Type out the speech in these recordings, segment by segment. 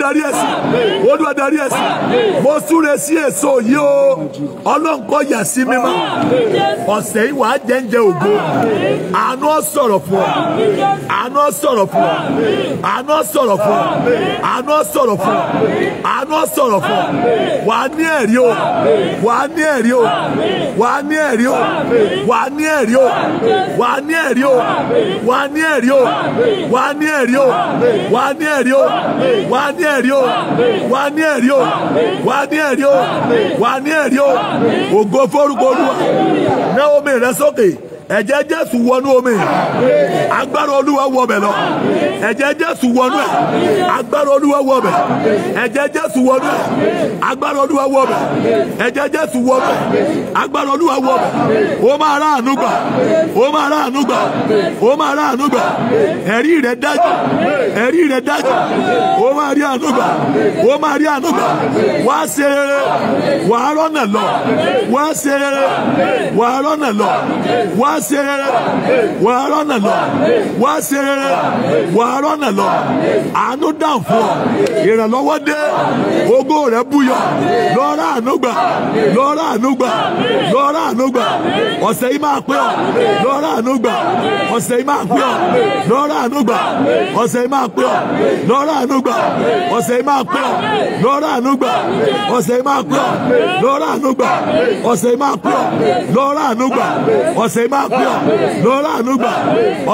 darí ẹ̀ sí olúwa darí ẹ̀ sí mo súre sí èso yìí o ọlọ́nkọ́ yà sí mímọ́ ọ̀sẹ̀ yìí wàá jẹ́ǹjẹ́ ògo àánú sọ̀rọ̀ fún ọ àánú sọ̀rọ̀ fún ọ àánú sọ̀rọ̀ fún ọ àánú sọ̀rọ̀ fún ọ àánú sọ̀rọ̀ fún ọ wàá ní ẹ̀rí o wàá ní ẹ̀rí o wàá ní ẹ̀rí o wàá ní ẹ̀rí o wàá ní ẹ̀rí o wàá ní ẹ̀rí o wàá ní ẹ̀rí o wàá ní ẹ̀rí o wàá ní ní ẹ̀rí o wà ní ẹ̀rí o wà ní ẹ̀rí o wà ní ẹ̀rí o ògo forúkọ olúwa náà omi rẹ sókè. eje jésù wọnú omi agbára olúwa wọbẹ̀ lọ eje jésù wọnú ẹ̀ agbára olúwa wọbẹ̀ ẹ̀jẹ̀ jésù wọnú ẹ̀ agbára olúwa wọbẹ̀ ẹ̀jẹ̀ jésù wọnú ẹ̀ agbára olúwa wọbẹ̀ o máa rà àánú gbà ó máa rà àánú gbà ó máa rà gbà dájú dájú lọ wá ṣe rere wàá lọ wá wá ṣe rere wà á rọ́nà lọ wà á ṣe rere wà á rọ́nà lọ àánú dàn fún ọ ìrànlọ́wọ́ dé ògo rẹ búyọ lọ́ọ́rọ́ ànúgbà lọ́ọ́rọ́ ànúgbà lọ́ọ́rọ́ ànúgbà ọ̀sẹ̀ yìí máa pẹ́ ọ lọ́ọ́rọ́ ànúgbà ọ̀sẹ̀ yìí máa pẹ́ ọ lọ́ọ́rọ́ ànúgbà ọ̀sẹ̀ yìí máa pẹ́ ọ lọ́ọ́rọ́ ànúgbà ọ̀sẹ̀ yìí máa pẹ́ ọ lọ́ọ́rọ́ ànúgbà ọ̀sẹ̀ yìí máa pẹ́ ọ lọ́ọ́rọ́ ànúgbà ọ̀sẹ̀ yìí máa pẹ́ ọ lọ́ọ́rọ́ ànúgbà ọ̀sẹ̀ yìí máa máa pé ọ lọ́rọ̀ àánú gbà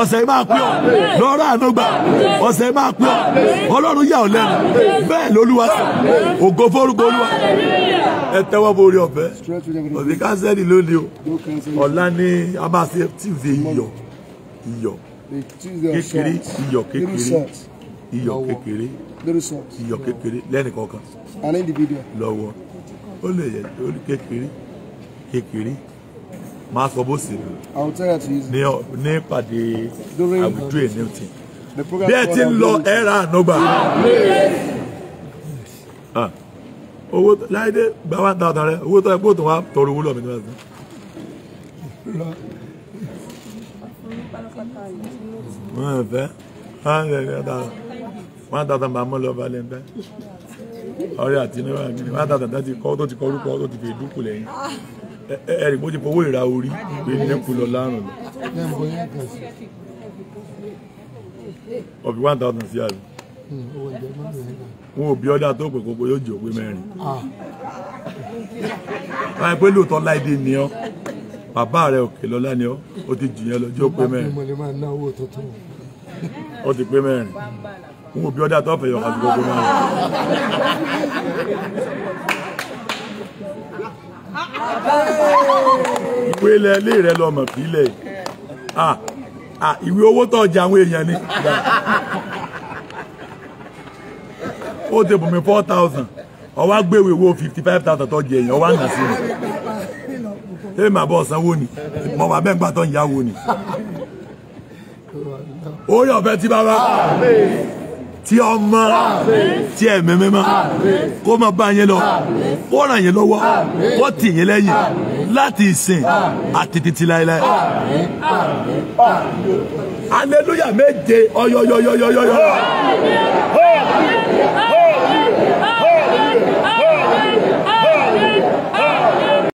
ọ̀sẹ̀ máa pé ọ lọ́rọ̀ àánú gbà ọ̀sẹ̀ máa pé ọ ọlọ́run yà ọ lẹ́nu bẹ́ẹ̀ lolúwa sọ ògo forúkọ olúwa ẹ tẹ́wọ́ borí ọ̀fẹ́ ọ̀sẹ̀ kánsẹ́lì lónìí o ọ̀la ni a máa ṣe tíìzì iyọ̀ iyọ̀ kékeré iyọ̀ kékeré iyọ̀ kékeré iyọ̀ kékeré lẹ́nìkọ̀ọ̀kan lọ́wọ́ ó lè yẹ kékeré kékeré máa sọ bó sì ní ní pàdé àwùjọ ènìyàn tí bí ẹ ti ń lọ ẹ ra ànúgbà owó láìdé gba one thousand rẹ owó tó ẹ gbóòtò wa tọrọ owó lọ mi níwájú. wọ́n fẹ́ one thousand bá mọ́ lọ balẹ̀ ń fẹ́ ọ̀rẹ́ àti níwájú one thousand tó ti kọ́ tó ti kọ́ orúkọ tó ti fi dúkù lẹ́yìn ẹ̀rì bó ti fowó ìra orí pé nẹ́kù lọ lárùn ọ̀fi one thousand sí àbí wọn ò bí ọdá tó pè kókó yóò jò pé mẹ́rin báyìí pé lóòótọ́ láìdé ni ọ́ bàbá rẹ òkè lọ́lá ni ọ́ ó ti jù yẹn lọ́jọ́ pé mẹ́rin ó ti pé mẹ́rin wọn ò bí ọdá tó fẹ̀yọ̀ kàdúgbò pé mẹ́rin ìwé ilẹ̀ ilé rẹ lọ́mọ̀ Ah, ah, ìwé owó tó ọjà àwọn èèyàn ni ó ti bùnmi four thousand ọwọ́ agbéwò owó fifty five thousand tó jẹ èèyàn ọwọ́ àná sí mi ẹ My bọ̀ sanwó ni mo wà bẹ́ẹ̀ gbà tó ń yáwó ni ó yọ̀ fẹ́ tí bá ti ọmọ ti ẹ̀mí mímọ́ kó máa bá yín lọ kó ràn yín lọ́wọ́ kó tì yín lẹ́yìn láti ìsìn àti títí láéláé. aleluya méje ọyọyọyọyọyọ.